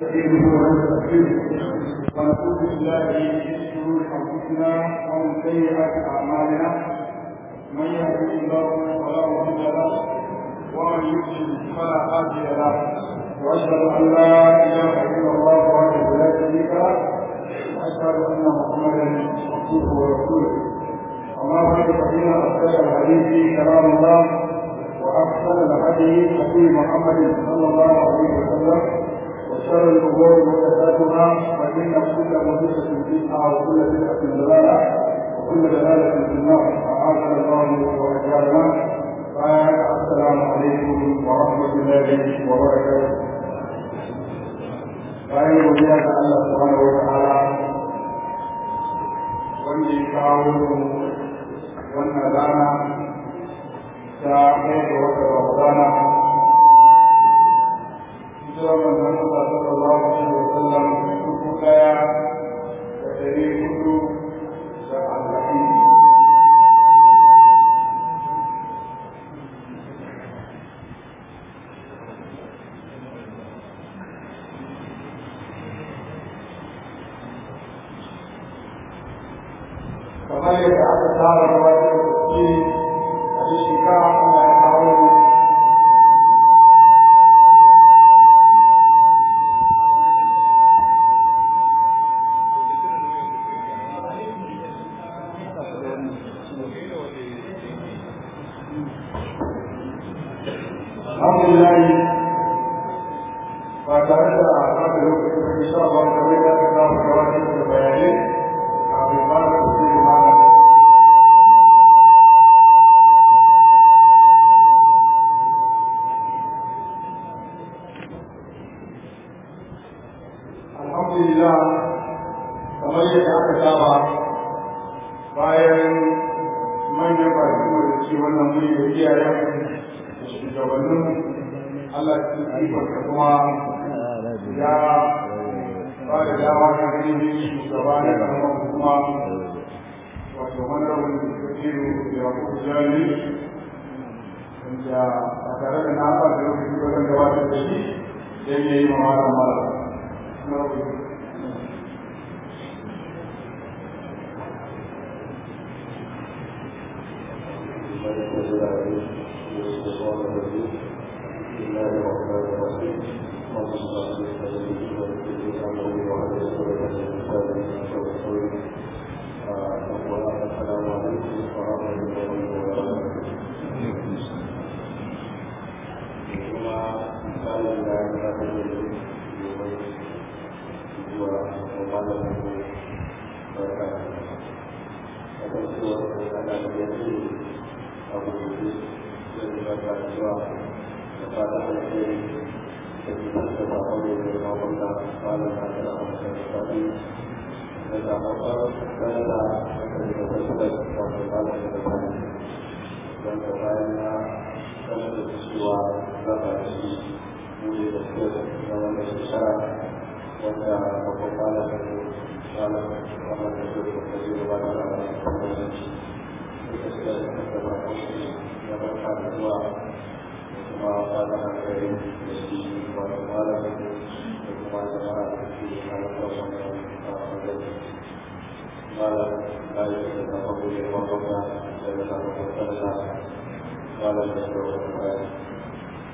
ونعوذ بالله من شرور انفسنا ومن سيئات اعمالنا من يهده الله فلا مضل له ومن يضلل فلا هادي له واشهد ان لا اله الا الله وحده لا شريك له واشهد ان محمدا عبده ورسوله اما بعد فان اصدق الحديث كلام الله واحسن الهدي هدي محمد صلى الله عليه وسلم وشر الامور محدثاتها فان كل محدثه بدعه وكل بدعه ضلاله وكل ضلاله في النار اعاذنا الله واجعلنا السلام عليكم ورحمه الله وبركاته bayan godiya ga Allah subhanahu wa ta'ala wanda ya kawo mu wannan rana alhamdulillah ba tare da haka lokacin aka bude da kyau da wannan shekara wanda babban da shi kuma da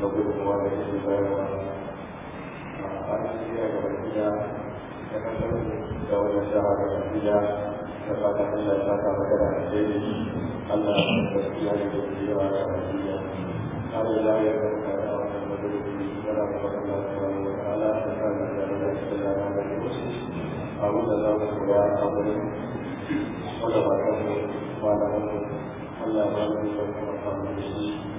na gudunmuwa da yake bayarwa a ƙasashe ga bakila da kasar da wannan shara ga bakila da fata Allah ya saka maka da alheri Allah ya bakila da ke cewa ga bakila har ila ya karka da wannan majalisi yana da bakila subhanahu wa ta'ala ta sa da da shi da da da shi abu da za mu shiga a wurin wanda ba kan mu malaman Allah ya ba mu da kuma kamar shi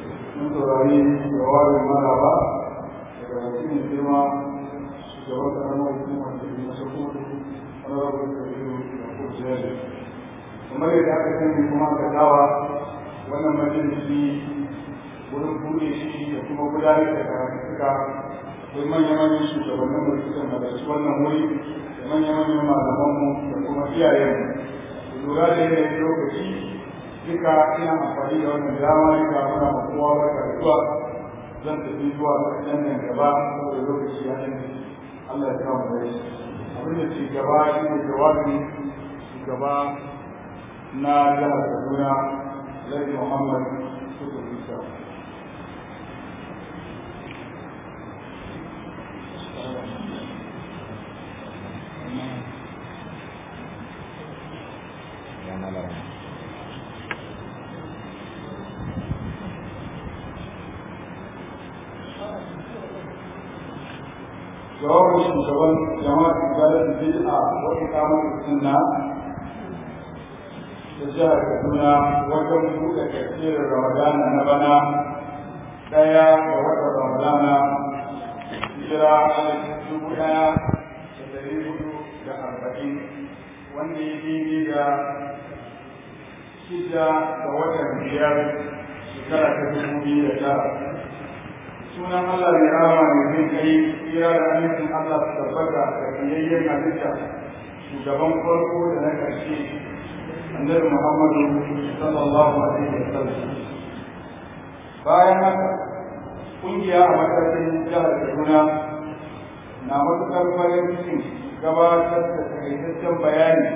sun saurari jawabin ba daga mutum girma shugaban karamar hukumar da ke masu kudu honorable kabiru da kurjiyar kamar yadda aka sani kuma aka dawa wannan majalisi wurin buɗe shi da kuma gudanar da karatuka don manya-manyan shugabannin mu suka nazarci wannan wuri da manya-manyan malamanmu da kuma iyayenmu lura da yanayin lokaci kika ina amfani da wannan dama ga muna kowa barka da zuwa zan tafi zuwa cikin nan gaba da lokaci ya nan Allah ya sa mu rai abin da ci gaba shi ne jawabi gaba na jihar Kaduna Lady Muhammad sallallahu alaihi wasallam Gracias. rawar shugaban jama'a jama'ar ibadat bid'a wa iqamar sunna da jihar Kaduna wajen buɗe tafsirin Ramadana na bana ɗaya ga watan Ramadana hijira alif dubu ɗaya da ɗari hudu da arba'in wanda ya daidai da shida ga watan biyar shekara ta dubu biyu da tara sunan Allah mai rama mai jin kai kira da amincin Allah su tabbata da kiyayyen halitta shugaban farko da na ƙarshe annabi Muhammadu sallallahu alaihi wa sallam bayan haka kungiya a matakin jihar Kaduna na matuƙar farin cikin gabatar da takaitaccen bayani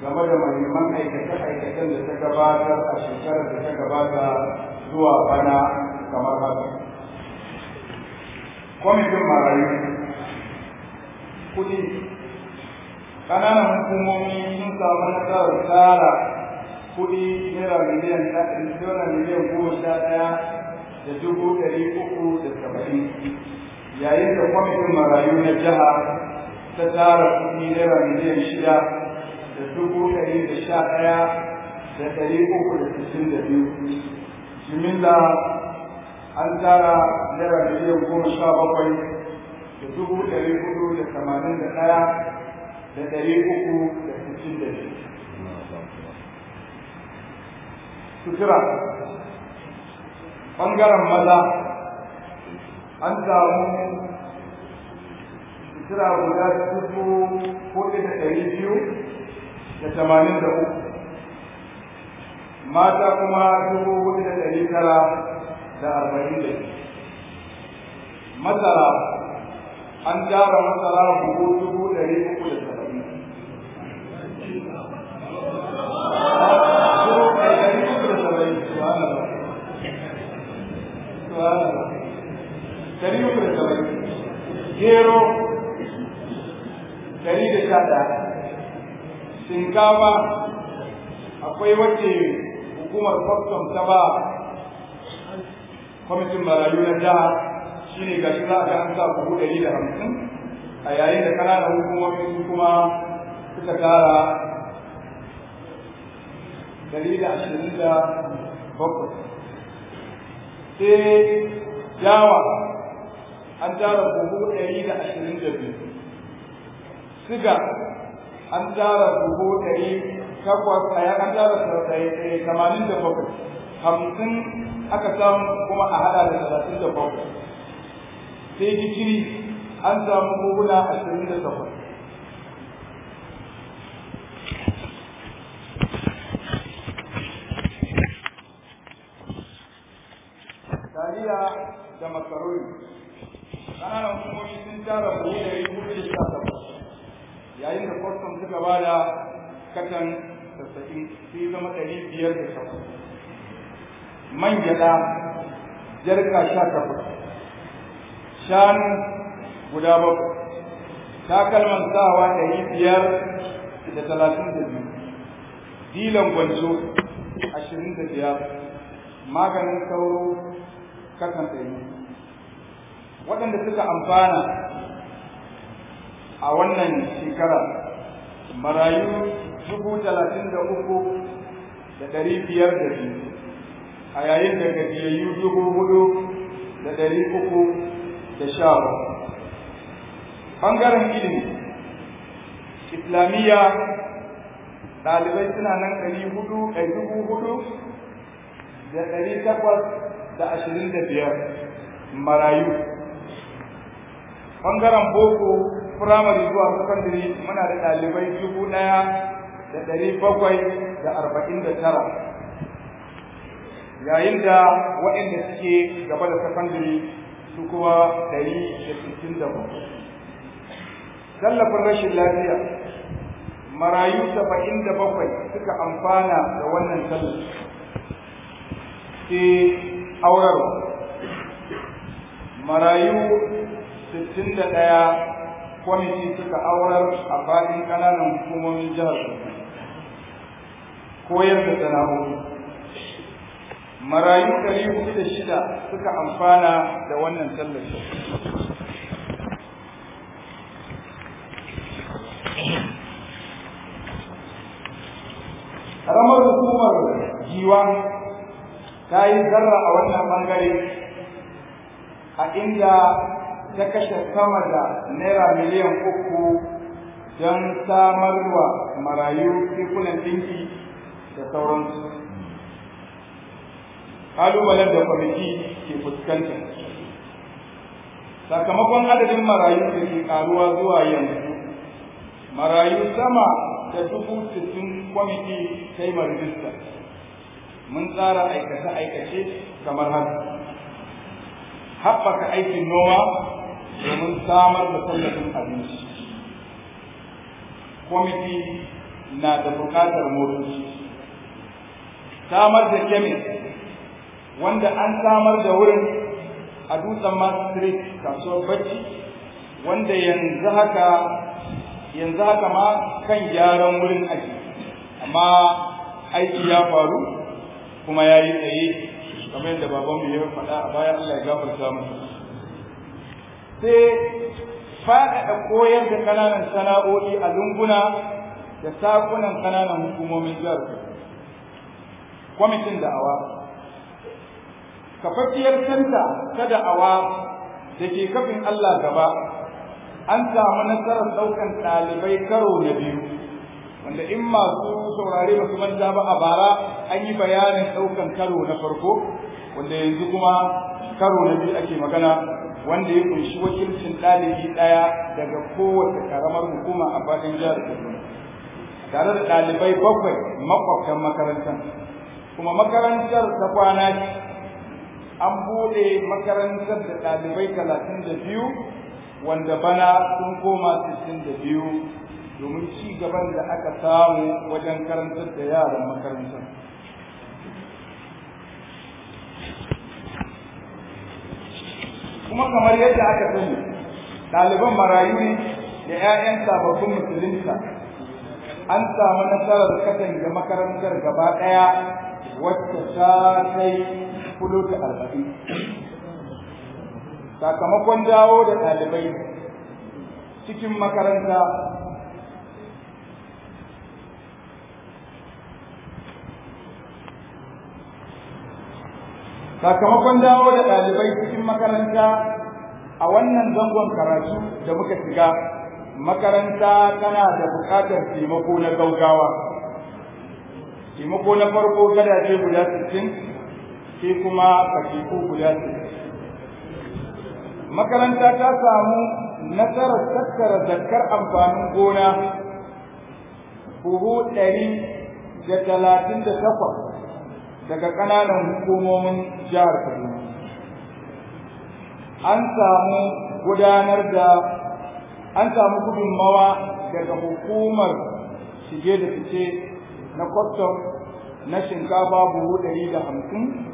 game da mahimman aikace-aikacen da ta gabatar a shekarar da ta gabata zuwa bana kamar haka. kwamitin marayu kuɗi ƙananan hukumomi sun samu nasarar tsara kuɗi naira miliyan dala miliyan goma sha ɗaya da dubu ɗari uku da saba'in yayin da kwamitin marayu na jiha ta tsara kuɗi naira miliyan shida da dubu ɗari da sha ɗaya da ɗari uku da sittin da biyu jimilla an tara naira miliyan goma sha bakwai da dubu ɗari hudu da tamanin da ɗaya da ɗari uku da sittin da biyu. Sutura ɓangaren maza an samu sutura guda dubu hudu da ɗari biyu da tamanin da uku mata kuma dubu hudu da ɗari tara da arba'in da masara an gyara masara buhu dubu ɗari uku da saba'in dari uku da saba'in gero dari da sha ɗaya shinkafa akwai wacce hukumar kwastam ta ba kwamitin marayu na jiha shi ne gashi za a ga an sa buhu ɗari da hamsin a yayin da ƙananan hukumomi su kuma suka tara ɗari da ashirin da bakwai sai dawa an tara buhu ɗari da ashirin da biyu siga an tara buhu ɗari takwas a an tara tamanin da bakwai hamsin aka samu kuma a hada da talatin da bakwai sai gishiri an samu koguna ashirin da takwas taliya da makaroni ƙananan hukumomi sun tara kuɗi da yi hudu da takwas yayin da kwastam suka bada da katan sassaƙin sai zama ɗari biyar da takwas man jarka sha takwas shanu guda bakwai takalman sawa ɗari biyar da talatin da biyu dilan gwanzo ashirin da biyar maganin sauro kasan ɗari waɗanda suka amfana a wannan shekara marayu dubu talatin da uku da ɗari biyar da biyu a yayin da gajiyayyu dubu hudu da ɗari uku da sha ɓangaren ilimi islamiyya ɗalibai suna nan ɗari hudu ɗari dubu hudu da ɗari takwas da ashirin da biyar marayu ɓangaren boko firamare zuwa sakandare muna da ɗalibai dubu ɗaya da ɗari bakwai da arba'in da tara yayin da waɗanda suke gaba da sakandare su kuma ɗari da sittin da ba, tallafin rashin lafiya marayu saba'in da bakwai suka amfana da wannan tallafi sai aurarwa marayu sittin da ɗaya kwamiti suka aurar a faɗin ƙananan hukumomin jihar koyar da sana'o'i marayu ɗari da shida suka amfana da wannan tallafi karamar hukumar jiwa ta yi zarra a wannan bangare a inda ta kashe sama da naira miliyan uku don samarwa marayu tekunan dinki da sauransu kalubalen da kwamiti ke fuskanta sakamakon adadin marayu da ke karuwa zuwa yanzu marayu sama da dubu sittin kwamiti ta yi marijista mun tsara aikace-aikace kamar haka haɓaka aikin noma domin samar da tallafin abinci kwamiti na da buƙatar motoci samar da kemis wanda an samar da wurin a dutsen Maastricht kasuwar bacci wanda yanzu haka yanzu haka ma kan gyaran wurin aiki amma aiki ya faru kuma ya yi tsaye kamar yadda babanmu ya faɗa a baya Allah ya gafarta mu sai faɗaɗa koyar da kananan sana'o'i a lunguna da sakunan ƙananan hukumomin jihar kwamitin da'awa kafaffiyar kanta ta da'awa da ke kafin Allah gaba an samu nasarar ɗaukan ɗalibai karo na biyu wanda in masu saurare ba su manta ba a bara an yi bayanin ɗaukan karo na farko wanda yanzu kuma karo na biyu ake magana wanda ya kunshi wakilcin ɗalibi ɗaya daga kowace karamar hukuma a faɗin jihar Kaduna tare da ɗalibai bakwai makwabtan makarantar kuma makarantar ta kwana an bude makarantar da ɗalibai talatin da biyu wanda bana sun koma sittin da biyu domin ci gaban da aka samu wajen karantar da yaran makarantar kuma kamar yadda aka sani ɗaliban marayu ne da 'ya'yan sababbin musulunta an samu nasarar katanga makarantar gaba ɗaya wacce ta kai fulo ta arba'in sakamakon dawo da ɗalibai cikin makaranta sakamakon dawo da ɗalibai cikin makaranta a wannan zangon karatu da muka shiga makaranta tana da buƙatar taimako na gaugawa taimako na farko gadaje guda sittin sai kuma katiku guda makaranta ta samu nasarar tattara zakar amfanin gona buhu ɗari da talatin da takwas daga ƙananan hukumomin jihar Kaduna an samu gudanar da an samu gudunmawa daga hukumar shige da fice na kwastam na shinkafa buhu ɗari da hamsin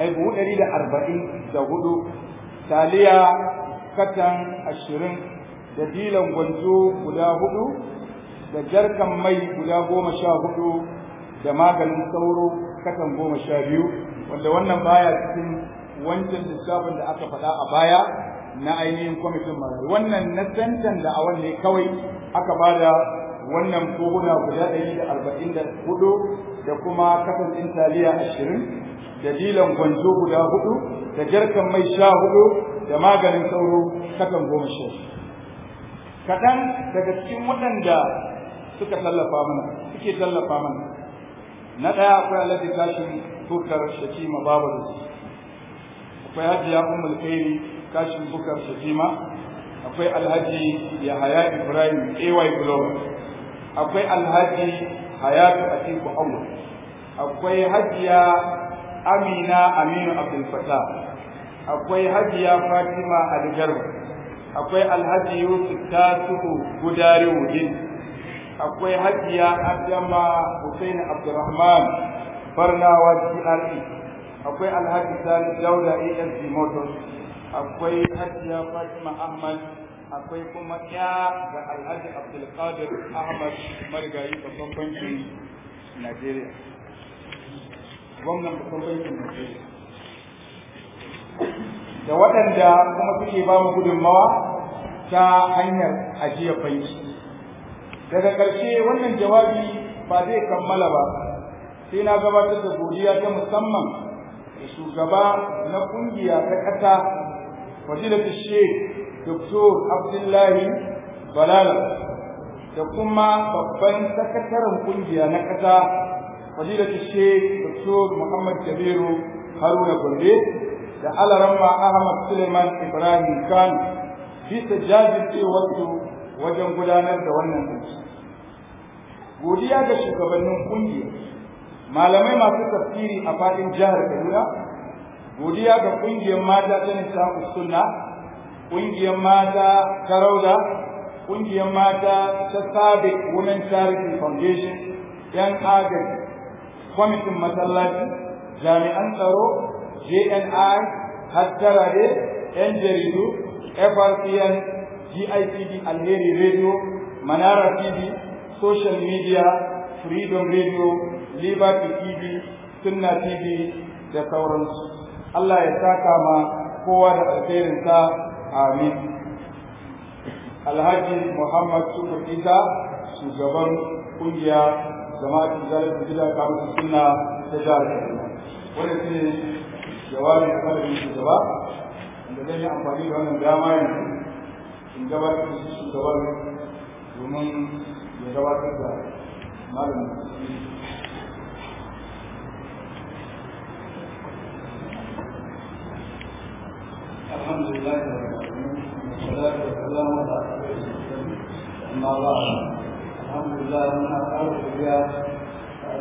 ai ɗari da arba'in da hudu taliya katan ashirin da dilan gwanzo guda hudu da jarkan mai guda goma sha hudu da maganin sauro katan goma sha biyu wanda wannan baya cikin wancan lissafin da aka faɗa a baya na ainihin kwamitin marayu wannan na tantan da a ne kawai aka bada wannan koguna guda ɗari da arba'in da hudu da kuma katan ɗin taliya ashirin da dilan guda hudu da jarkan mai sha hudu da maganin sauro katan goma sha kaɗan daga cikin waɗanda suka tallafa mana suke tallafa mana na ɗaya akwai alhaji kashin bukar Shakima babu da akwai hajiya ummul khairi kashin bukar Shakima. akwai alhaji yahaya ibrahim ay global akwai alhaji hayatu atiku awu akwai hajiya amina aminu abdul fatah akwai hajiya fatima algarba akwai alhaji yusuf tasiru gudare wujin. akwai hajiya adama hussein abdurrahman barnawa GRE akwai alhaji sani dauda asd motors akwai hajiya fatima ahmad akwai kuma ya ga alhaji abdulkadir ahmad marigayi babban bankin najeriya gwamnan da da waɗanda kuma suke ba mu gudunmawa ta hanyar ajiyar banki daga ƙarshe wannan jawabi ba zai kammala ba sai na gabatar da godiya ta musamman da shugaba na ƙungiya ta ƙasa fadilatu sheikh Dr. Abdullahi Balala da kuma babban sakataren ƙungiya na ƙasa fadilatu sheikh dr muhammad kabiru haruna gombe da alaramma ahmad suleiman ibrahim kano bisa jajircewarsu wajen gudanar da wannan aiki godiya ga shugabannin kungiya malamai masu tafsiri a faɗin jihar kaduna godiya ga kungiyar mata ta nisa sunna kungiyar mata ta rauda kungiyar mata ta Sabe women charity foundation yan agaji kwamitin masallaci jami'an tsaro jni hattarare yan jaridu frcn gicd alheri radio manara tv social media freedom radio liberty tv sunna tv da sauransu allah ya saka ma kowa da alherinsa amin alhaji muhammad sukur isa shugaban kungiya jama'atin zalar bid'a kamar sunna ta jihar Kaduna wannan shi ne jawabi a kan shugaba da zan yi amfani da wannan dama yanzu in gabatar da shugaban domin ya gabatar da malamin الحمد لله رب العالمين والصلاة والسلام على أشرف المرسلين أما بعد alhamdulillah muna ƙara shirya ah, da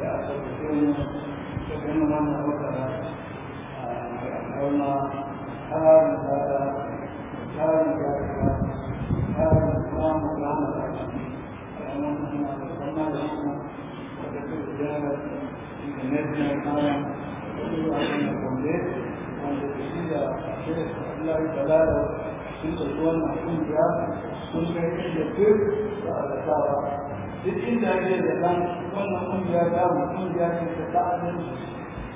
da alamun suna da sama da su a kan gombe wanda da shi duk inda ne da nan wannan kungiya ta mu kungiya ce ta ta'addanci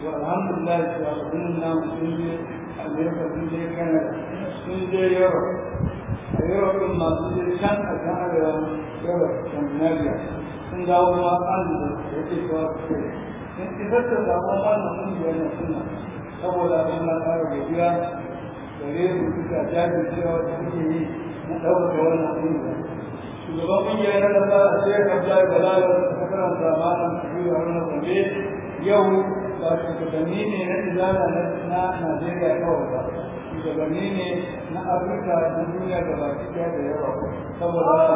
to alhamdulillah cewa abin nan sun je amerika sun je canada sun je europe a europe din masu je can a can arewa europe scandinavia sun dawo ma an da ya ce cewa su ce sun isar da damuwa wannan kungiyar na suna saboda abin na tsara gajiya gare su suka jajircewa da suke yi na ɗaukaka wannan kungiya shugaban kungiya na kasa a sai abdullahi balala da sakaran zamanin biyu a wani gobe yau ba shugabanni ne na izala na najeriya kawai ba shugabanni ne na afirka na duniya da baki daya da yawa saboda suna da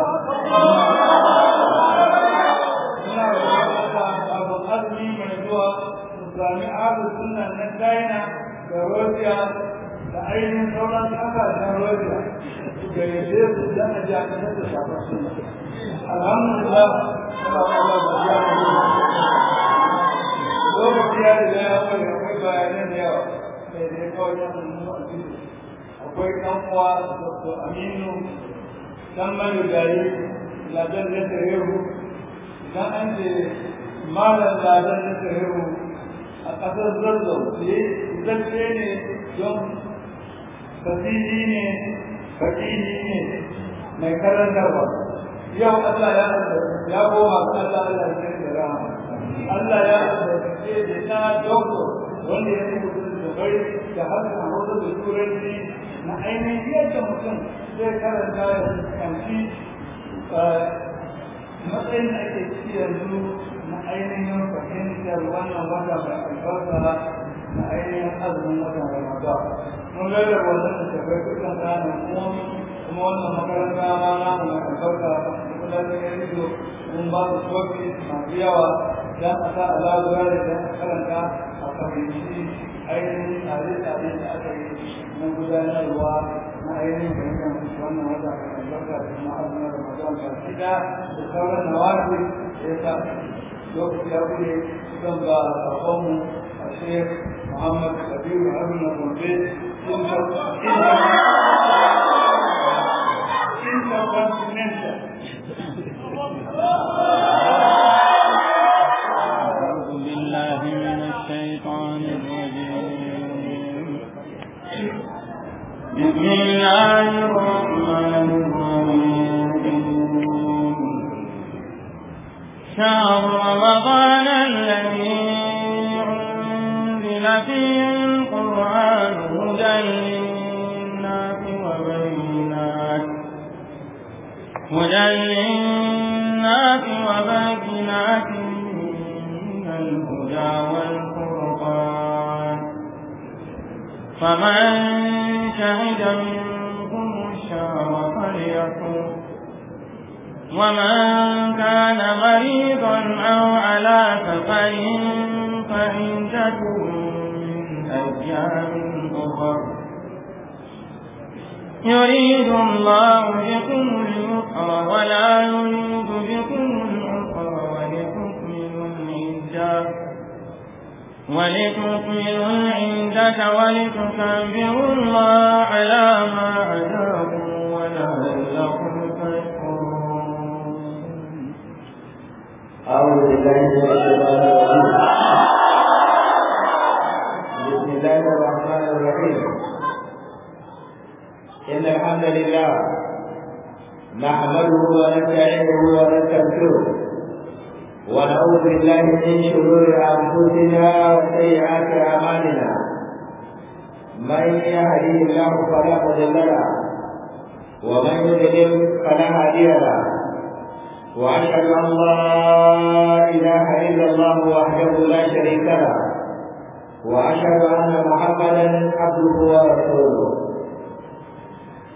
wata mai zuwa su sami abu na china da russia da ainihin sauran kasashen russia gayyace su dan a jami'an da shafar su alhamdulillah Allah Allah ba ya mu lokaci ya riga ya fara akwai bayanan da yawa mai da ya kawai na nuna addini akwai ɗan uwa dr aminu dan marigayi ladan na tarehu dan an ce malam ladan na tarehu a ƙasar zazzau sai zazzau ne don tasiri ne fakiri ne mai karantarwa yau Allah ya ya goma Allah Allah ya da rama Allah ya ce da ta doktor wanda ya rubuta dogari da har a wata da turanci na ainihin yadda mutum zai karanta ya fuskanci eh, matsayin da ake ciki yanzu na ainihin fahimtar wannan wata mai albarka na ainihin azumin watan Ramadan mun rarraba wannan da ko dukkan tsarin kuma wannan makaranta ma na mu na albarka kuma da ya rido mun ba su kofi masu yawa dan a sa alaƙa da dan karanta a fahimci ainihin tsare-tsare da aka yi na gudanarwa na ainihin fahimtar wannan wata albarka da kuma azumin ramadan ba shida da sauran nawafi da ya sa lokaci ya kuɗe zan ba a shek muhammad kabiru haruna gombe شهر رمضان الذي أنزل فيه هدى للناس وبينات من الهدى والفرقان فمن شهد منكم الشهر فليقوم ومن كان مريضا أو على سفر فإنجة من أيام يريد الله بكم اليسر ولا يريد بكم العسر ولتكملوا العدة ولتكملوا العدة ولتكبروا الله على ما هداكم ولعلكم تشكرون أعوذ بالله من الشيطان الرجيم الحمد لله نحمده ونستعينه ونستغفره ونعوذ بالله من شرور انفسنا وسيئات اعمالنا من يهديه الله فلا مضل له ومن يضلل فلا هادي له واشهد ان لا اله الا الله وحده لا شريك له واشهد ان محمدا عبده ورسوله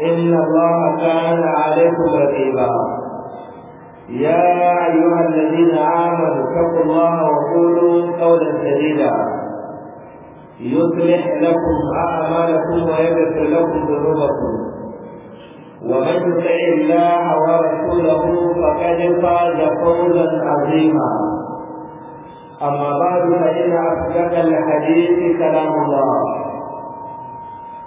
إن الله كان عليكم رقيبا يا أيها الذين آمنوا اتقوا الله وقولوا قولا سديدا يصلح لكم أعمالكم ويغفر لكم ذنوبكم ومن يطع الله ورسوله فقد فاز قولا عظيما أما بعد فإن أصدق الحديث كلام الله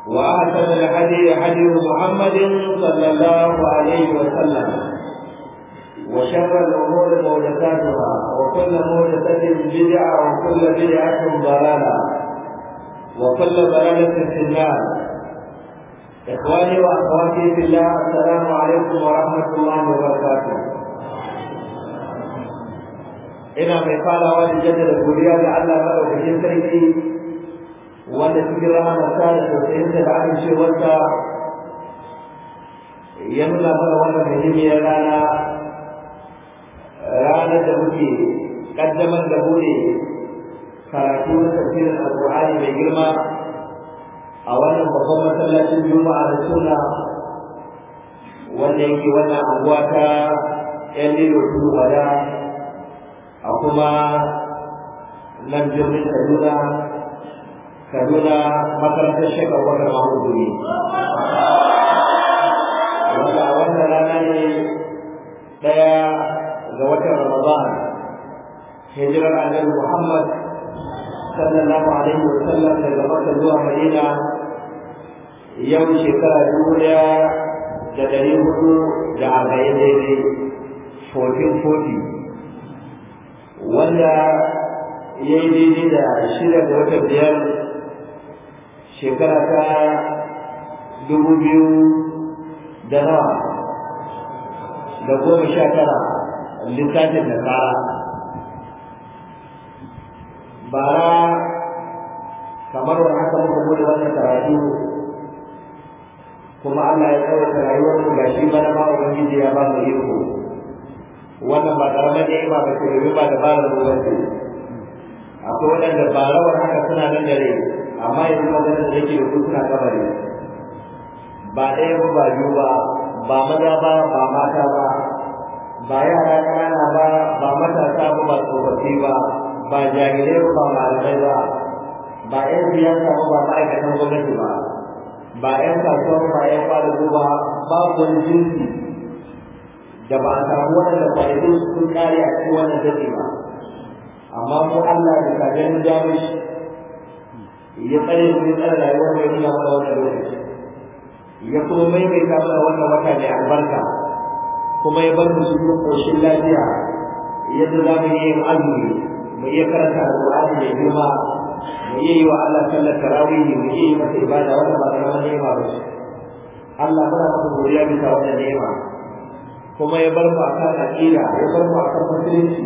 وأحسن الهدي هدي محمد صلى الله عليه وسلم وشر الأمور مولداتها وكل مولدة بدعة وكل بدعة ضلالة وكل ضلالة في النار إخواني وأخواتي في الله السلام عليكم ورحمة الله وبركاته ina mai farawa da jaddada godiya لعل Allah في sarki wanda cikin rana rahamarsa da tausayinsa da amincewarsa ya nuna mana wannan muhimmiyar rana ranar da muke kaddamar da bude karatu na tafsirin alƙur'ani mai girma a wannan babban masallacin juma'a da suna wanda yake wannan anguwa ta yan lilo tudu wada a kuma nan jirgin kaduna كبيرة مثلا الشيخ أبو بكر معروف الدين. وقد عرفنا الأمانة تايا زواج رمضان هجرة على محمد صلى الله عليه وسلم في زواج الدور مدينة يوم شتاء يوليا جدريه جعل هيدي 1440 وانا يجي جدا الشيء اللي هو shekara ta dubu biyu da nawa da goma sha tara littafin da tsara bara kamar wani haka muka bude wannan karatu kuma Allah ya tsawaita rayuwar mu gashi bana ma ubangiji ya ba mu iko wannan ba karamar ni'ima ba ce ba dabarar mu ba ce akwai waɗanda ba rawar haka suna nan da rai amma yanzu maganar da nake da ku suna kabari ba ɗaya ba ba biyu ba ba maza ba ba mata ba ba yara ƙanana ba ba matasa ba ba tsofaffi ba ba jahilai ba ba malamai ba ba 'yan siyasa ba ba ma'aikatan gwamnati ba ba ƴan kasuwa ba 'yan kwadago ba ba wani jinsi da ba a samu waɗanda kwanakin sun kare a cikin wannan daɗi ba amma mu Allah da kajin jami'a. ya tsare mu tsare rayuwar mu ya nuna mana wata lokaci ya kuma maimaita mana wannan wata mai albarka kuma ya bar mu cikin koshin lafiya yadda za mu yi azumi mu iya karanta alƙur'ani mai girma mu iya yi wa Allah sallar tarawih mu iya yi masa ibada wata ba ta karamar nema ba ce Allah muna masa godiya bisa wannan nema. kuma ya bar mu akan aqida ya bar mu akan musulunci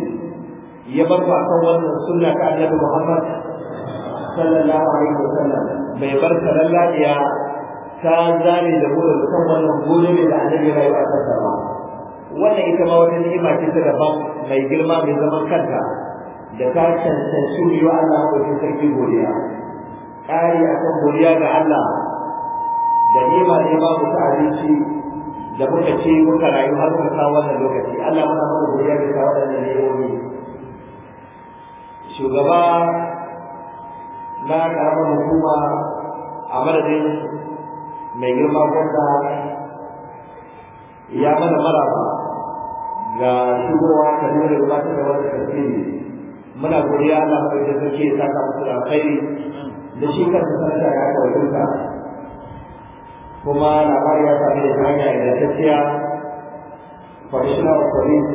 ya bar mu akan wannan sunna ta Annabi Muhammad sallallahu alaihi wa sallam bai bar karan ladiya ta zame da burin kan wannan gole ne da annabi ya rayu a kansa ba wannan ita ma wata ni'ima ce ta daban mai girma mai zaman kanta da ta cancanci yiwa Allah maɗaukin sarki godiya ƙari akan godiya ga Allah da ni'ima ne ba mu ta abinci da muka ce muka rayu har muka kawo wannan lokaci Allah muna mana godiya da kawo wannan ni'imomi shugaba na karamar hukuma a madadin mai girma gwamna ya mana maraba ga shigowa ta nuna gabatar da wani tasiri muna godiya Allah ko da sarki ta saka musu da kai da shi kansa sarki ya kawo duka kuma labari ya sami da hanya ingantacciya kwamishinar police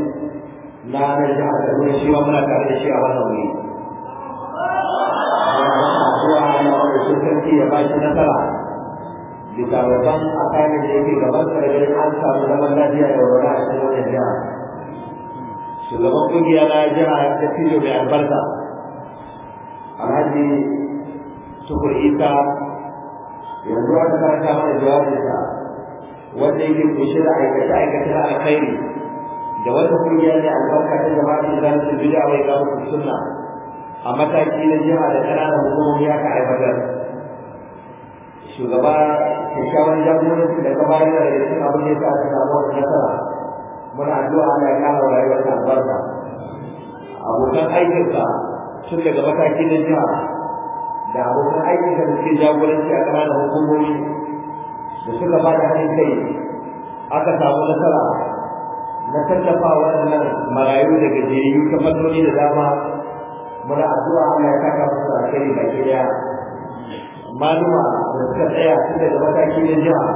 na nan jihar Kaduna shi ma muna tare da shi a wannan wuri madaukakin sarki ya bashi nasara bisa babban akamin da yake gaban daga an samu zaman lafiya da wara a cikin wannan jiha shugaban kungiya na jiha ta fito mai albarka alhaji tukur isa yanzu aka karanta mana jawabinsa wanda yake kunshe da aikace aikace na alkhairi da wata kungiya ne albarka ta jama'a ta zalunci bid'a wai ga sunna a mataki na jiha da ƙananan hukumomi aka aiwatar shugaba kyakkyawan jagoranci da gaba yana da cikin abin da ya sa samu wannan nasara muna addu'a Allah ya kara wa rayuwar ta albarka abokan aikinka tun daga mataki na jiha da abokan aikin da suke jagoranci a ƙananan hukumomi da suka ba da hannun kai aka samu nasara na tallafa waɗannan marayu daga gajiyayyu ta matsaloli da dama muna addu'a Allah ya saka musu alheri baki daya maluma da suka tsaya tun da mataki na jama'a.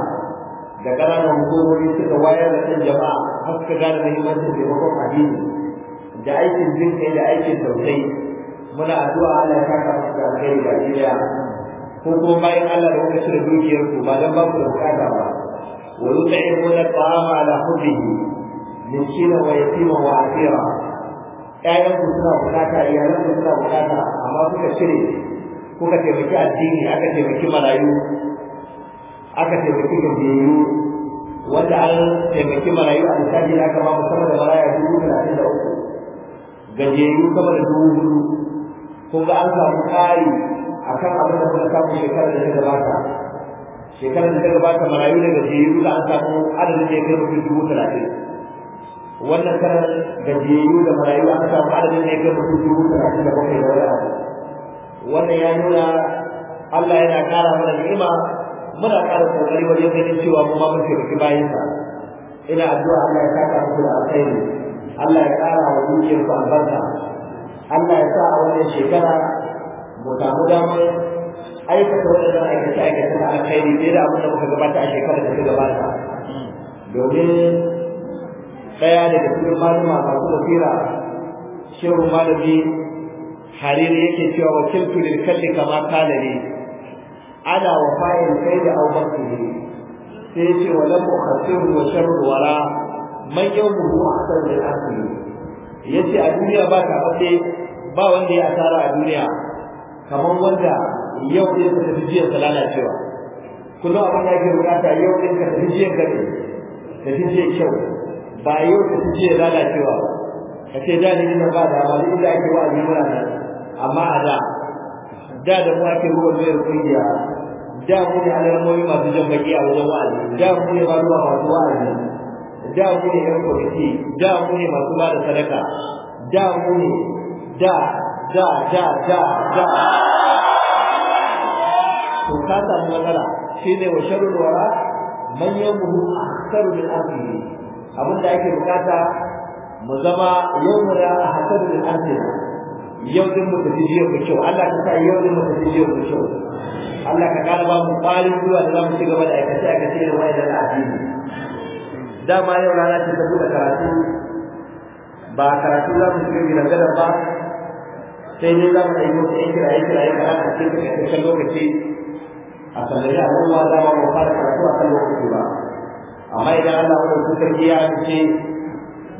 da ƙananan hukumomi suka wayar da kan jama'a har suka gane muhimmancin taimakon addini da aikin jin kai da aikin tausayi muna addu'a Allah ya saka musu alheri ke daya ko kuma bayan Allah da kuka cire dukiyarku ba dan ba ku da bukata ba wa yut'imuna at-ta'ama ala hubbihi miskina wa yatima wa asira ƴaƴan ku suna bukata iyalan ku suna bukata amma kuka cire kuka taimaki addini aka taimaki marayu aka taimaki gajiyoyi wanda an taimaki marayu a misali na kama musamman da maraya dubu talatin da uku gajiyoyi sama da dubu hudu kun ga an samu ƙari akan abin da kuka samu shekarar da ta gabata shekarar da ta gabata marayu da gajiyoyi da an samu adadin da ya kai mutum dubu talatin wannan da gajiyayyu da marayu aka samu adadin ne ga mutum dubu talatin da bakwai da wani abu wannan ya nuna Allah yana ƙara mana ni'ima muna ƙara kokari wajen ganin cewa mu ma mun taimaki bayansa ina addu'a Allah ya saka muku da alkhairi Allah ya ƙara wa dukiyar ku albarka Allah ya sa a wannan shekara mu samu damar aikata waɗannan aikace-aikacen alkhairi fiye da abin da muka gabata a shekarar da ta gabata domin daya daga cikin malama masu basira shehu malami hariri yake cewa wakiltu lil kalli kama kana ne ana wa fa'in kai da abubakar ne sai yace wa la ukhasiru wa sharru wara man yawmuhu ahsan min asli yace a duniya ba ta bace ba wanda ya asara a duniya kamar wanda yau ɗin ka tafi jiya ta lalacewa kullum abin da yake bukata yau ne ka tafi jiya ka ne tafi jiya kyau ba yau da su ce lalacewa ka ce da ni na ba da ba duk da ake wa'azi muna nan amma a da da da mu ake ruwan zai kungiya da mu ne alamomi masu jan baki a wajen wa'azi da mu ne ba ruwa masu wa'azi da mu ne yan kwamiti da mu ne masu ba da sadaka da mu ne da da da da da to ka samu matsala shine wa sharul wara man yamuhu aksaru min amrihi abin da ake bukata mu zama yau mu da a hasarin yau din mu tafi jiya mu kyau Allah ka sa yau din mu tafi jiya mu kyau Allah ka kara ba mu kwarin zuwa da za mu ci gaba da aikace aikace da wani da addini dama yau rana ce ta buɗe karatu ba karatu za mu shiga gidan gadan ba sai dai za mu ɗauki wasu ɗan kiraye kiraye ka haka cikin lokaci a sallari a za mu fara karatu a kan lokaci ba amma idan Allah wani kuka iya ce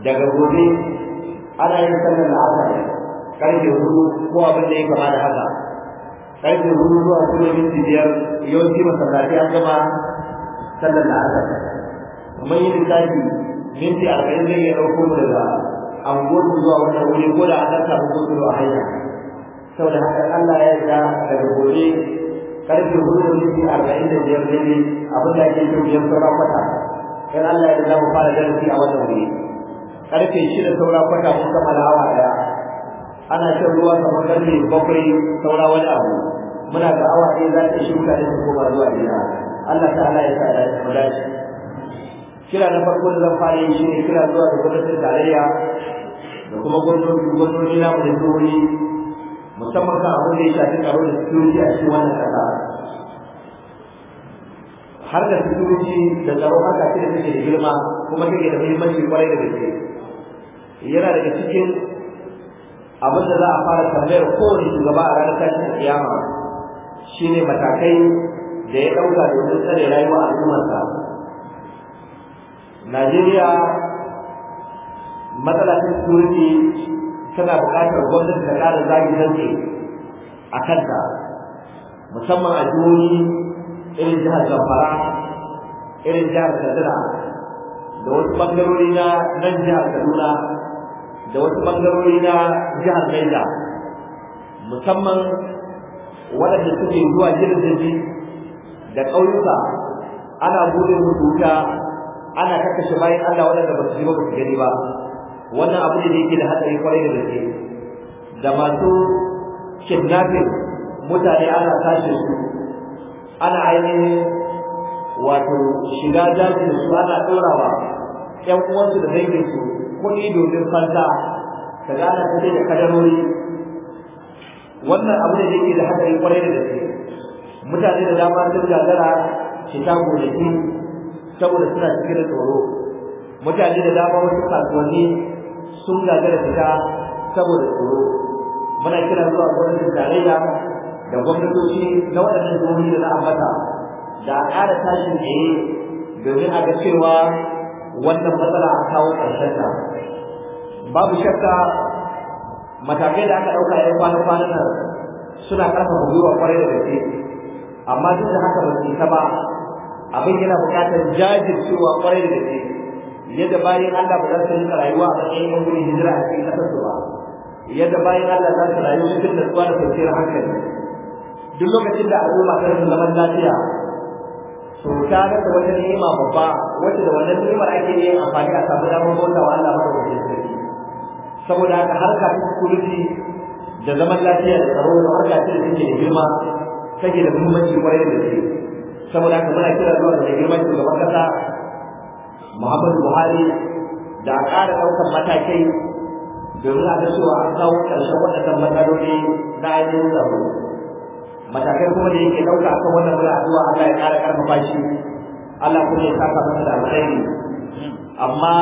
daga gobe ana yin sallar la'asar karfe hudu ko abin da ya kama da haka karfe hudu zuwa kuma minti biyar yawanci masallaci an gama sallar la'asar kamar yin lissafi minti arba'in zai iya ɗauko mu daga anguwar zuwa wannan wuri ko da an samu gosulo a hanya saboda haka Allah ya yarda daga gobe karfe hudu da minti arba'in da biyar ne abin da ake yi biyar sauran kwata in Allah ya zama fara darasi a wannan wuri karfe shida saura kwata mun kammala awa daya ana shan ruwa kamar karfe bakwai saura wani abu muna ga awa ɗaya za ta shuka da su koma zuwa gida Allah ta'ala ya sa da mu dace kira na farko da zan fara yi shine kira zuwa ga gwamnatin tarayya da kuma gwamnati gwamnati na mu da musamman kan abin da ya shafi tsaro da security a cikin wannan ƙasa har da security da tsaro haka ce da take da girma kuma take da muhimmanci kwarai da gaske yana daga cikin abin da za a fara tambayar kowane shugaba a ranar tashin kiyama shine matakai da ya ɗauka domin tsare rayuwar al'ummarsa Najeriya matsala ta security tana buƙatar gwamnati ta ƙara zagi zance a kanta musamman a jihohi irin jihar zamfara irin jihar kaduna da wasu bangarori na nan jihar kaduna da wasu bangarori na jihar naija musamman waɗanda suke zuwa jirgin da ƙauyuka ana buɗe musu wuta ana kakkashe bayan Allah waɗanda ba su ba ba su gani ba wannan abu ne da yake da hatsari kwarai da gaske da masu kidnapping mutane ana tashin su ana ainihin wato shiga jajin su ana ɗorawa ƴan uwansu da danginsu kuɗi domin fanta ta gane ta da kadarori wannan abu ne da yake da haɗari kwarai da gaske mutane da dama sun gagara shiga gonaki saboda suna cikin tsoro mutane da dama wasu kasuwanni sun gagara shiga saboda tsoro muna kira zuwa gwamnatin tarayya da gwamnatoci na waɗannan jihohi da na mata da a ƙara tashin tsaye domin a ga cewa wannan matsala a kawo ta. babu shakka matakai da aka ɗauka yan kwanan-kwanan nan suna ƙarfafa gwiwa kwarai da gaske amma duk da haka ba su isa ba abin yana buƙatar jajircewa kwarai da gaske yadda bayan Allah ba za su rika rayuwa a matsayin yan hijira a cikin su ba yadda bayan Allah za su rayu cikin natsuwa da kwanciyar hankali duk lokacin da al'umma ta rasa zaman lafiya to ta rasa wata ni'ima babba wacce da wannan ni'imar ake yin amfani a samu damar bauta wa Allah mara wajen sarki saboda haka harka ta security da zaman lafiya da tsaro da harka ce da take da girma take da muhimmanci kwarai da gaske saboda haka muna kira zuwa da girman shugaban kasa Muhammadu Buhari da a ƙara ɗaukar matakai domin a ga cewa an kawo ƙarshen waɗannan matsaloli na ainihin tsaro matakai kuma da yake dauka akan wannan zuwa zuwa Allah ya kara karfafa shi Allah kuma ya saka masa da alkhairi amma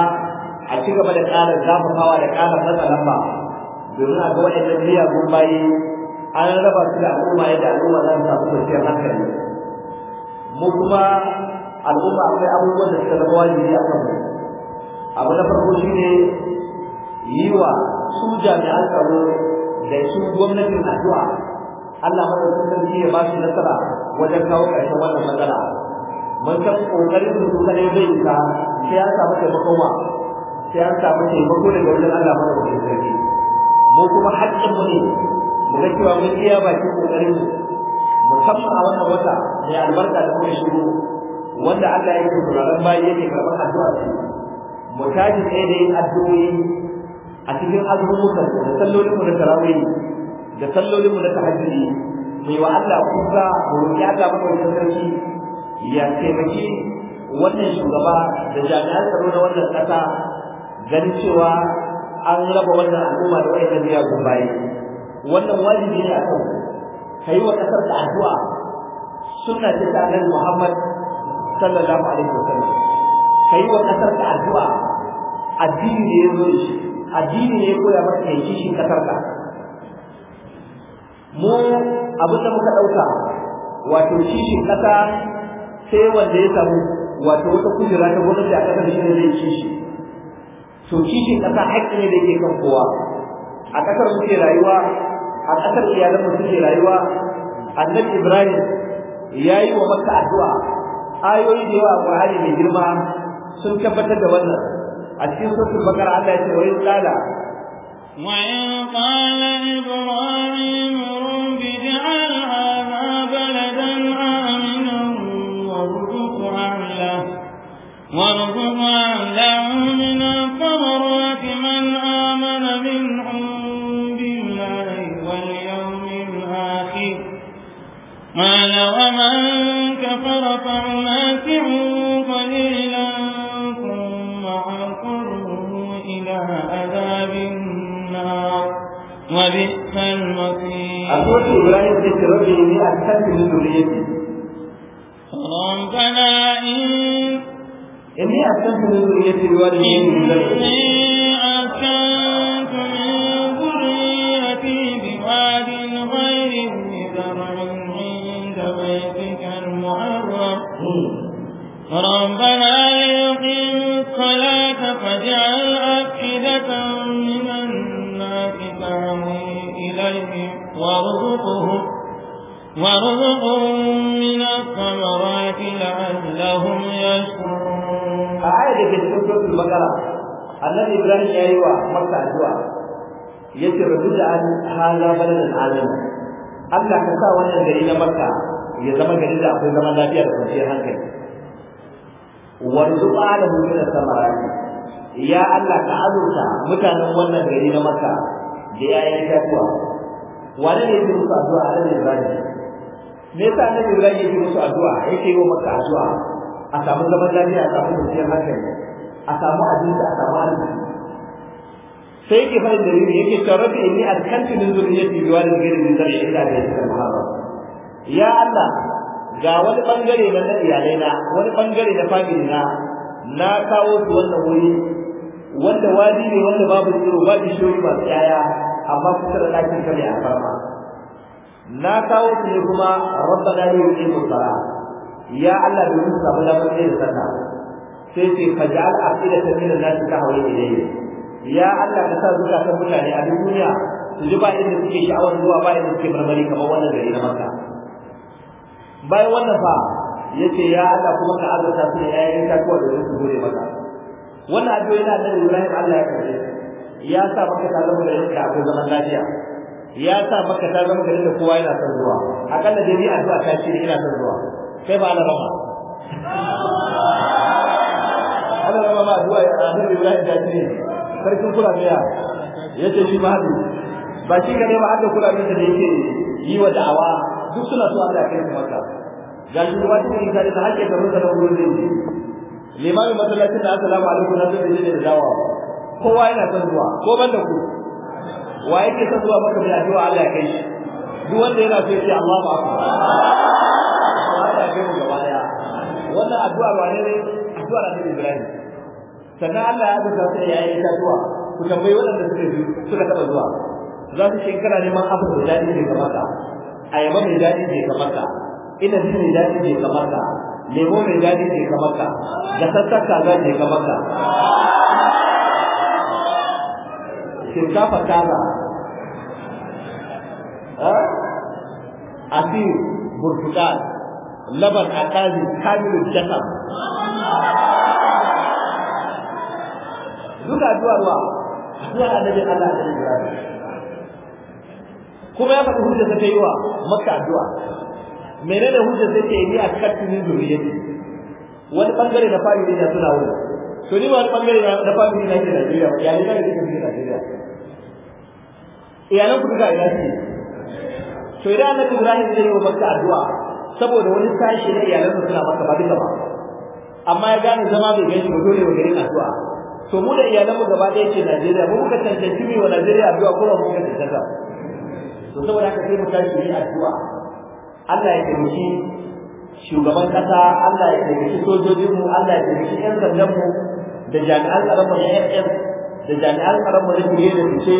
a ci gaba da ƙara zafafawa da ƙara matsa lamba domin a ga waɗannan miyagun bayi an raba su da al'umma yadda al'umma za su samu kwanciyar hankali mu kuma al'umma akwai abubuwan da suka zama wajibi a kanmu abu na farko shine yi wa su jami'an tsaro da su gwamnatin addu'a Allah madaukakin sarki ya ba su nasara wajen kawo ƙarshen wannan matsala mun san kokarin su kadai zai isa sai an samu taimako ma sai an samu taimako daga wajen Allah madaukakin sarki mu kuma haƙƙin mu ne mu ga cewa mun iya bakin kokarin mu musamman a wannan wata mai albarka da kuma shiru wanda Allah yake turaren bayi yake karɓar addu'a ce mu tashi tsaye da yin addu'o'i a cikin azumukan da sallolin mu da tarawih da sallolinmu na tahajjudi mai wa Allah kusa mu ya ga mu sarki ya taimaki wannan shugaba da jami'an tsaro na wannan ƙasa ganin cewa an raba wannan al'umma da jami'a miyagun bayi wannan wajibi ne a kan yi wa ƙasar da addu'a suna ce ta annabi Muhammad sallallahu alaihi ka yi wa ƙasar da addu'a addini ne ya zo shi addini ne ya koya maka kai shi ƙasar ka mu abin da muka ɗauka wato kishin ƙasa sai wanda ya samu wato wata kujera ta gwamnati a ƙasar shi ne zai kishi to kishin ƙasa haƙƙi ne da yake kan kowa a ƙasar muke rayuwa a ƙasar iyalanmu suke rayuwa annabi ibrahim ya yi wa makka addu'a ayoyi da yawa a qur'ani mai girma sun tabbatar da wannan a cikin suratul bakar Allah ya ce wa in qala wa in qala وارزق أهله من الثمرات من آمن منهم بالله واليوم الآخر قال ومن كفر فأماتع قليلا ثم أضطره إلى أذاب النار وبئس المصير أقول إبراهيم ذكر ربي لأحسن من ذريتي ربنا إن إني أسكنت من ذرية الوالد بواد غير ذي عند بيتك المحرم ربنا ليقيموا الصلاة فاجعل أفئدة من الناس تعمي إليهم وارزقهم وارزقهم من الثمرات لعلهم يشكرون a ayar da ke cikin suratul baqara annabi ibrahim ya yi wa makka addu'a ce rabbi da an hala balan alim Allah ka sa wannan gari na makka ya zama gari da akwai zaman lafiya da kwanciyar hankali da lahu min samarati ya Allah ka azurta mutanen wannan gari na makka da yayin takuwa wani ne zuwa musu addu'a a Ibrahim me yasa annabi Ibrahim ya musu addu'a yake yi wa makka addu'a a samu zaman lafiya a samu kwanciyar hankali a samu abinci a samu arziki sai yake faɗin dalili yake tarafi inni alkantu min zuriyati bi walid ghayri da zari illa bi da muharram ya Allah ga wani bangare na na iyalai na wani bangare na family na na kawo su wannan wuri wanda wani ne wanda babu tsoro ba shi masu yaya amma kusa da ɗakin kare a farma na kawo su ne kuma rabba da ne yake musara ya Allah da su samu damar tsaye da sallah sai ce fajal aqida ta min nas ta hawaye ilayhi ya Allah ka sa kan mutane a duniya su ji ba inda suke sha'awar zuwa ba inda suke marmari kamar wannan gari na Makka bayan wannan fa yace ya Allah kuma ka azurta su yi ta kowa da su gode maka wannan addu'o'i yana da Ibrahim Allah ya karbe ya sa maka ta zama da yadda akwai zaman lafiya ya sa maka ta zama da kowa yana son zuwa akalla dai ni a ta ce ina son zuwa kai ba ana rama ana rama ma duwa ya azir ibrahim da jini sarkin kula biya yace shi ma hadu ba shi kadai ba hadda kula biya da yake yi wa da'awa duk suna so Allah ya kai su maka ga shi wani ne da hakki da rubuta da wurin limamin masallacin da assalamu alaikum na zai ne da dawa kowa yana son zuwa ko banda ku wa yake son zuwa maka bil addu'a Allah ya kai shi duk wanda yana so ya ce Allahu akbar kai mu gaba daya wannan addu'ar wane ne addu'ar Annabi Ibrahim sannan Allah ya azurta su da yayin tatuwa ku tambayi waɗanda suka ji suka taɓa zuwa za su shekara neman abu da daɗi ne kamar ka ayaba mai daɗi ne kamar ka ina ji mai daɗi ne kamar ka lemo mai daɗi ne kamar ka da sassan kaza ne kamar ka shinkafa kaza asir burtukal laban akazi kamilul jasad duka ruwa wa addu'ar annabi Allah da Ibrahim kuma ya faɗi hujja ta yi wa maka addu'a menene hujja sai ta yi a kattin yake? wani bangare na ne na suna wurin to ni wani bangare na ne na ke Najeriya ya ne na ke cikin Najeriya iyalan ku duka ina ce to idan annabi Ibrahim zai yi wa maka addu'a saboda wani sashi na iyalansa suna masa ba duka ba amma ya gane zama bai gani ba dole ba garin addu'a to mu da iyalan mu gaba ɗaya ce Najeriya mu muka cancanci mu wa Najeriya addu'a ko ba mu muka tantance to saboda haka sai mu tashi yi addu'a Allah ya taimaki shugaban kasa Allah ya taimaki sojojinmu Allah ya taimaki ƴan mu da jami'an tsaron mu na SS da jami'an tsaron mu na fiye da ce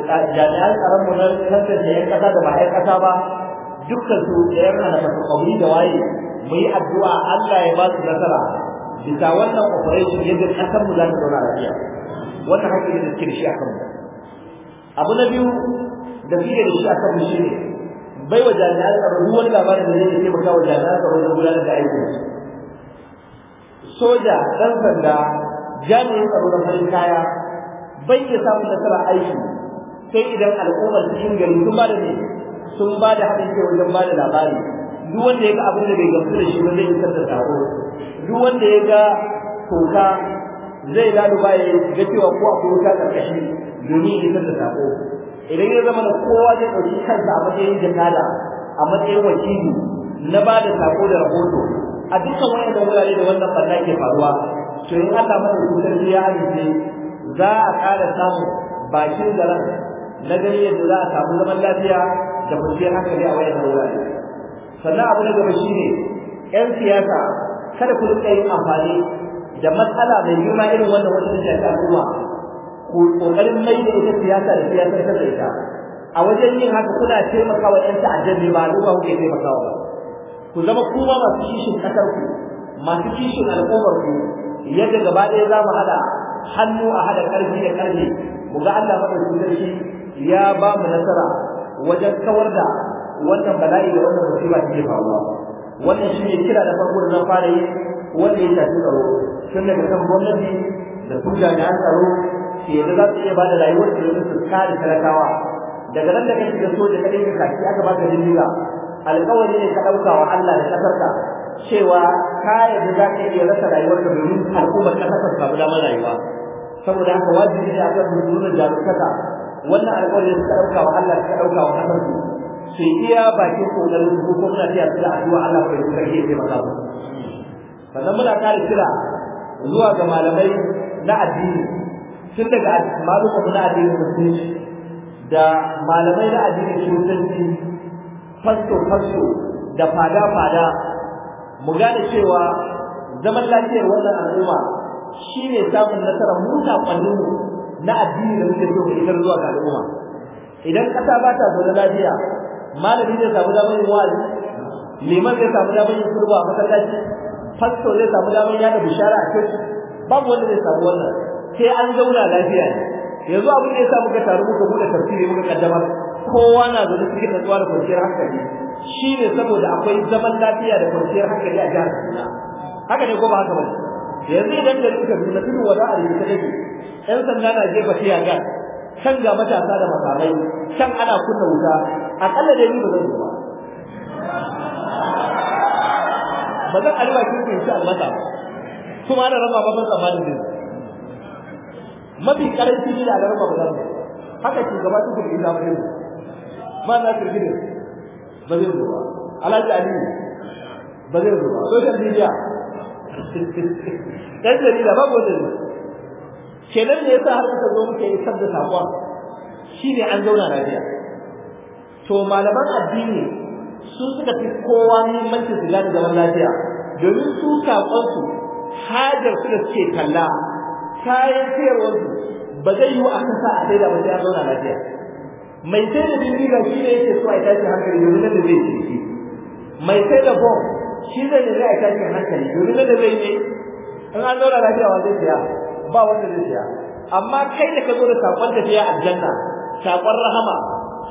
da jami'an tsaron mu na kasance ƴan kasa da ba ƴan kasa ba dukkan su ɗayar na da kauri da waye mu yi addu'a Allah ya ba su nasara bisa wannan operation yadda ƙasar mu za ta zauna lafiya wata wannan haƙƙi da suke da shi a kanmu abu na biyu da suke da shi a kanmu shi ne bai wa jami'an tsaro duk wani labarin da zai taimaka wa jami'an tsaro da gudanar da aikin soja ɗan sanda jami'in tsaro da farin kaya bai iya samun nasara aiki sai idan al'ummar cikin gari sun ba da ne sun ba da haɗin kai wajen ba da labari duk wanda ya ga abin da bai gamsu da shi ba zai isar da sako duk wanda ya ga toka zai lalu ba ya ga cewa ko akwai wuta ƙarƙashi domin isar da sako idan ya zama da kowa zai ɗauki kansa a matsayin jakada a matsayin wakili na ba da sako da rahoto a dukkan wayannan wurare da wannan barna ke faruwa to in Allah mana rubutar ya halice za a ƙara samun bakin garan na gani yadda za a samu zaman lafiya da kwanciyar haka a wayan wurare sannan abu na gaba ne, yan siyasa kada ku rika yin amfani da matsala mai girma irin wannan wata da ta al'umma ku kokarin mai da ita siyasa da siyasa ta ita a wajen yin haka kuna taimakawa yan ta'addan ne ba ku kuke taimaka ba ku zama kuma masu kishin kasar ku masu kishin al'ummar ku yadda gaba ɗaya za mu haɗa hannu a haɗa ƙarfi da ƙarfi mu ga Allah madaukakin sarki ya ba mu nasara wajen kawar da wannan bala'i da wannan musiba take faruwa wannan shi ne kira da farko da na fara yi wanda ya shafi tsaro tun daga kan gwamnati da su jami'an tsaro ke da za su iya ba da rayuwar su domin su kare talakawa daga nan da ka shiga soja ka dinga kaki aka baka jindiga alƙawari ne ka ɗauka wa Allah da ƙasarka cewa ka yanzu za ka iya rasa rayuwarka domin al'ummar ƙasar ta samu damar rayuwa saboda haka wajibi ne kan rundunar jarumtaka wannan alƙawari suka ɗauka wa Allah suka ɗauka wa ƙasar su sai iya baki ƙoƙarin su ko suna tiya su da addu'a Allah bai suka yi ke Ba su sannan muna kare kira zuwa ga malamai na addini tun daga malamai na addini musulunci da malamai na addini musulunci fasto fasto da fada fada mu gane cewa zaman lafiyar wannan al'umma shine samun nasarar mu sakonnin mu na addini da muke so idan zuwa ga al'umma idan kasa ba ta da lafiya malami zai samu damar yin wa'azi liman zai samu damar yin kurba a masallaci fasto zai samu damar yada bishara a coci babu wanda zai samu wannan sai an zauna lafiya ne yanzu abin da ya sa muka taru muka buɗe tafsiri muka kaddamar kowa na duk cikin natsuwa da kwanciyar hankali shi ne saboda akwai zaman lafiya da kwanciyar hankali a jihar haka ne ko ba haka ba yanzu idan garin kaduna tudu wada a rikita take yan sanda na jefa tiya ga can ga matasa da makamai can ana kunna wuta akalla dai ni ba zan ba ba zan alba kin ku insha Allah kuma ana raba ba ban tsammanin din mafi karanci ne a garin babu zan haka shugaba kudi da mai ba na kirgide ba zai zo ba alhaji aliyu ba zai zo ba social media dan jarida babu wanda ne kenan ne yasa har kuka zo muke yi da sakon shine an zauna lafiya to malaman addini su suka fi kowa muhimmanci su gane zaman lafiya domin su sakonsu hajar su da suke kalla kayan sayarwarsu ba zai yi wa aka sa a sai da ba sai an zauna lafiya mai sai da bindiga shi ne yake so a tashi hankali domin nan da zai ciki mai sai da bomb shi zai ne zai tashi hankali domin da zai yi in an zauna lafiya wa zai siya ba wanda zai siya amma kai da ka zo da sakon tafiya aljanna sakon rahama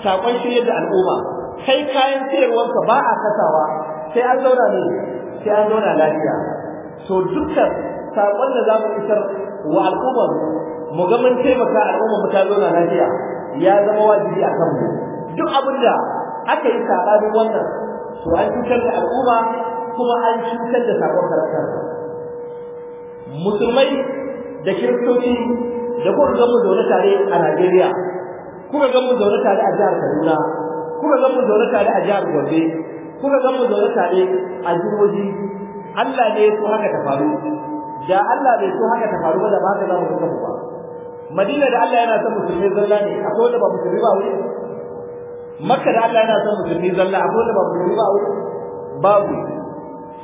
sakon Shirya da al'umma kai kayan siyarwarka ba a kasawa sai an zauna ne sai an zauna lafiya So dukkan sakon da za mu isar wa al'ummar mu ga mun taimaka al'ummar mu ta zauna lafiya ya zama wajibi a kanmu duk abinda aka yi sabanin wannan to an cutar da al'umma kuma an cutar da sakon karkar musulmai da kiristoci da kuma ga zaune tare a Najeriya kuma ga zaune tare a jihar Kaduna kuma ga zaune tare a jihar Gombe kuma ga zaune tare a jihohi Allah ne so haka ta faru da Allah bai so haka ta faru ba da ba ta zama da kasance ba Madina da Allah yana son musulmi zalla ne a kowane ba musulmi ba wuri Makka da Allah yana son musulmi zalla a kowane ba musulmi ba wuri babu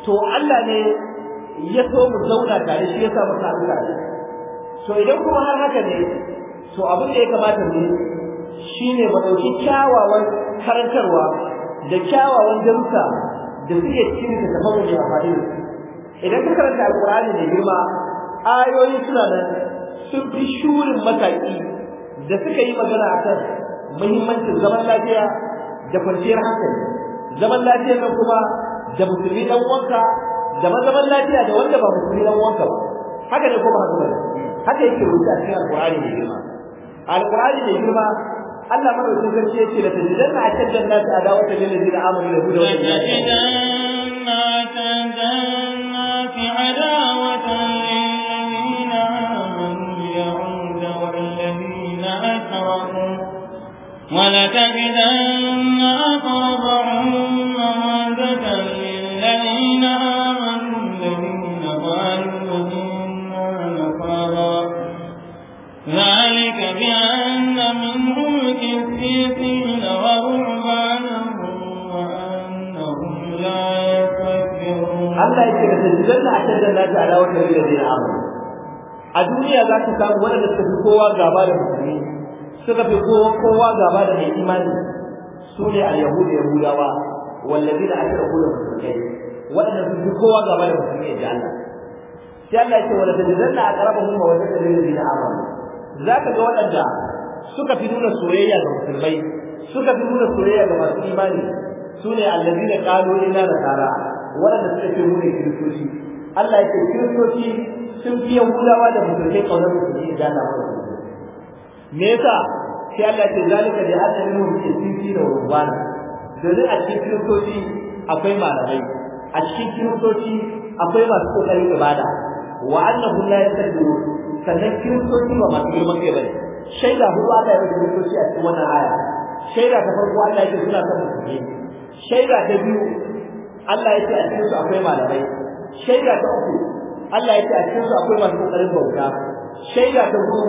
to Allah ne ya so mu zauna tare shi yasa muka haɗu tare to idan kuma har haka ne to abin da ya kamata mu shine mu dauki kyawawan karantarwa da kyawawan darussa da suke cikin da tafawar da amfani idan ka karanta alqur'ani da girma ayoyi suna nan sun fi shurin mataki da suka yi magana akan muhimmancin zaman lafiya da kwanciyar hankali zaman lafiya kuma da musulmi dan uwanka da mazaban lafiya da wanda ba musulmi dan uwanka ba haka ne ko ba haka ba haka yake rubuta cikin alqur'ani ne girma alqur'ani ne girma Allah madaukakin sarki yace la tajidanna ashaddan nas adawatan lil ladina amanu lahu wa tajidanna tajanna fi adawatan lil ladina amanu yahud wal ladina asrafu ولتجدن أقربهم Allah ya ce ka sani zan na ashar da ta ala wata da zai amana a duniya za ka samu wanda suka fi kowa gaba da musulmi suka fi kowa gaba da mai imani su ne al-yahudu yahudawa wallazina ashraku da musulmai wanda sun fi kowa gaba da musulmi da Allah sai Allah ya ce wala tajidanna da wa wajadna amma. Za ka ga waɗanda suka fi nuna soyayya ga musulmai suka fi nuna soyayya ga masu imani da allazina qalu da nasara waɗanda suka ce mu ne kiristoci Allah ya ce kiristoci sun fi yahudawa da musulmai kaunar musulmi da Allah wa me yasa sai Allah ya ce zalika da anna minhum kisisi da rubbana domin a cikin kiristoci akwai malamai a cikin kiristoci akwai masu kokarin ibada wa annahu la yasadu sannan kiristoci ba masu girman kai bane shaida huwa Allah ya yi kiristoci a cikin wannan aya shaida ta farko Allah ya ce suna son musulmi shaida ta biyu Allah ya ce a cikin su akwai malamai shaida ta uku Allah ya ce a cikin su akwai masu kokarin bauta shaida ta huɗu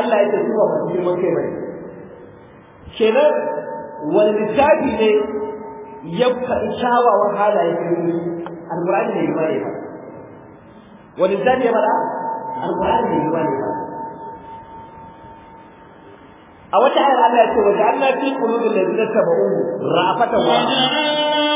Allah ya ce su ba su girman kai bane kenan wani littafi ne ya faɗi kyawawan halaye ne alƙur'ani ne ba ne ba wani littafi ya faɗa alƙur'ani ne ba ne ba a wata ayar Allah ya ce wa ja'alna fi qulubil ladzina tabu'u ra'afatan wa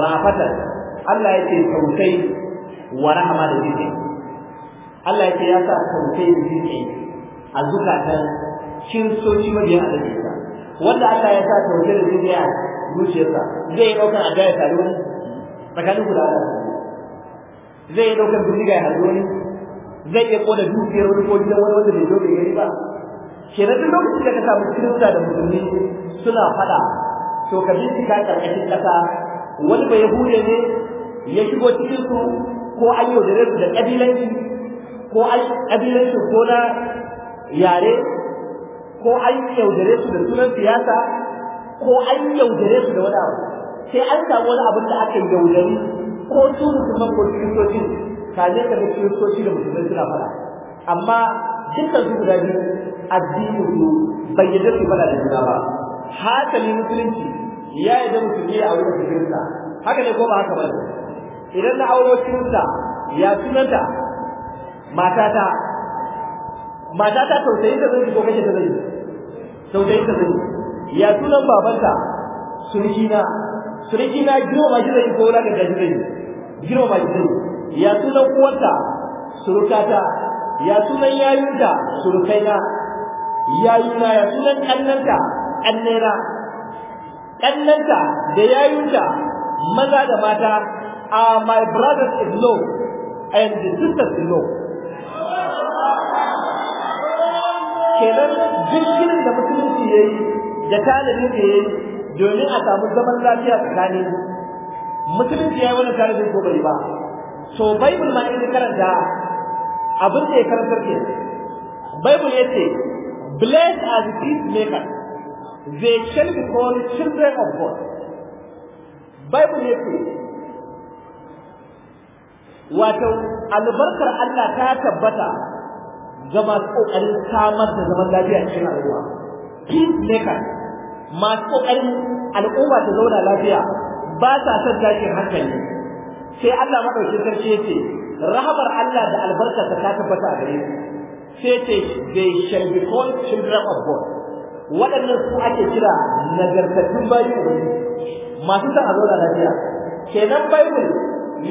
rafata Allah yake tausayi wa rahama da jiki Allah yake ya sa tausayi da jiki a zukatan kiristoci mabiyan annabi wanda Allah ya sa tausayi da jiki a zuciyarsa zai yi daukar addu'a ya sadu tsakanin guda da zai yi ɗaukar bindiga ya hadu wani zai iya kona dukiyar wani ko gidan wani wanda bai zo bai gari ba kenan duk lokacin da ka samu kirista da musulmi suna fada to ka bincika karkashin kasa wani bai hure ne ya shigo cikin su ko an yaudare su da kabilanci ko an kabilanci ko na yare ko an yaudare su da sunan siyasa ko an yaudare su da wani abu sai an samu wani abin da aka yaudari ko su musulman ko kiristoci kaje ka ga kiristoci da musulmai suna fara amma dukkan su guda biyu addinin su bai yadda su fara da juna ba hakali musulunci ya yi da musulmi a wurin kirista haka ne ko ba haka ba idan na auro kirista ya sunanta matata matata tausayin da zai ko kake ta zai tausayin da zai ya sunan babanta surkina surkina giro ba shi zai ko wala ga gaji zai giro ba shi zai ya sunan uwanta surukata ya sunan yayinta surukaina yayina ya sunan kannanta annena kannanta da yayinta maza da mata are my brothers in law and the sisters in law kenan jirgin da musulunci ya yi da tanadin da ya yi domin a samu zaman lafiya tsakani musulunci ya yi wani tanadin ko bai ba So, baibul ma in karanta abin da ya karantar ke baibul ya ce blessed are the peacemakers they shall be called children of God. Bible ya ce, wato albarkar Allah ta tabbata ga masu ƙoƙarin samar da zaman lafiya a cikin al'umma. Peacemaker, masu ƙoƙarin al'umma ta zauna lafiya ba sa son tashin hankali. Sai Allah maɗauki sarki ya ce, rahamar Allah da albarkarsa ta tabbata a gare shi. Sai ce, they shall be called children of God. waɗannan su ake kira nagartattun bayi masu san a lafiya kenan bible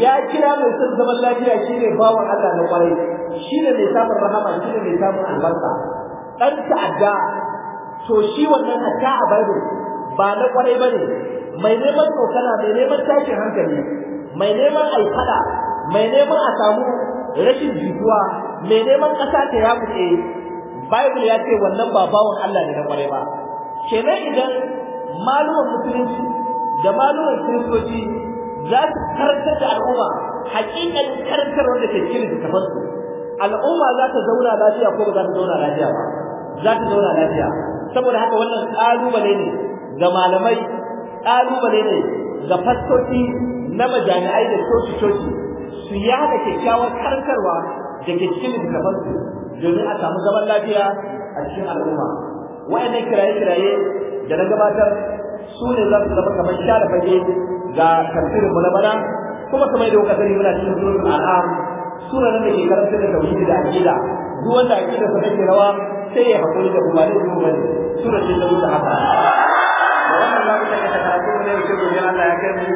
ya kira mai son zaman lafiya shine bawan Allah na kwarai shine mai samun rahama shine mai samun albarka dan ta'adda to shi wannan ta a bible ba na kwarai bane mai neman tsokana mai neman tashin hankali mai neman alfada mai neman a samu rashin jituwa mai neman ƙasa ta yamuke bible ya ce wannan ba bawon Allah ne na kware ba kenan idan malumin musulunci da malumin kiristoci za su karkar da al'umma hakikan karkar wanda ke cikin littattafan su al'umma za ta zauna lafiya ko ba za ta zauna lafiya ba za ta zauna lafiya saboda haka wannan ƙalubale ne ga malamai ƙalubale ne ga fastoci na majami'ai da coci-coci su yada kyakkyawar karkarwa da ke cikin littattafan su domin a samu zaman lafiya a cikin al'umma wayannan kiraye-kiraye da na gabatar su ne za su zama kamar da fage ga tafsirin mu na bana kuma kamar yadda kuka sani muna cikin surun al'am suna nan da ke karanta da tauhidi da aqida duk wanda aqida sa take rawa sai ya hakuri da umarni da umarni sura da haka wannan zamu ta karatu ne yau gobe Allah ya kai mu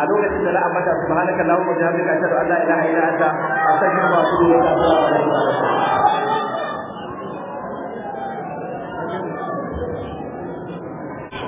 a lokacin da za a mata subhanaka allahumma wa bihamdika ashhadu an la ilaha illa anta astaghfiruka wa atubu ilaik assalamu alaikum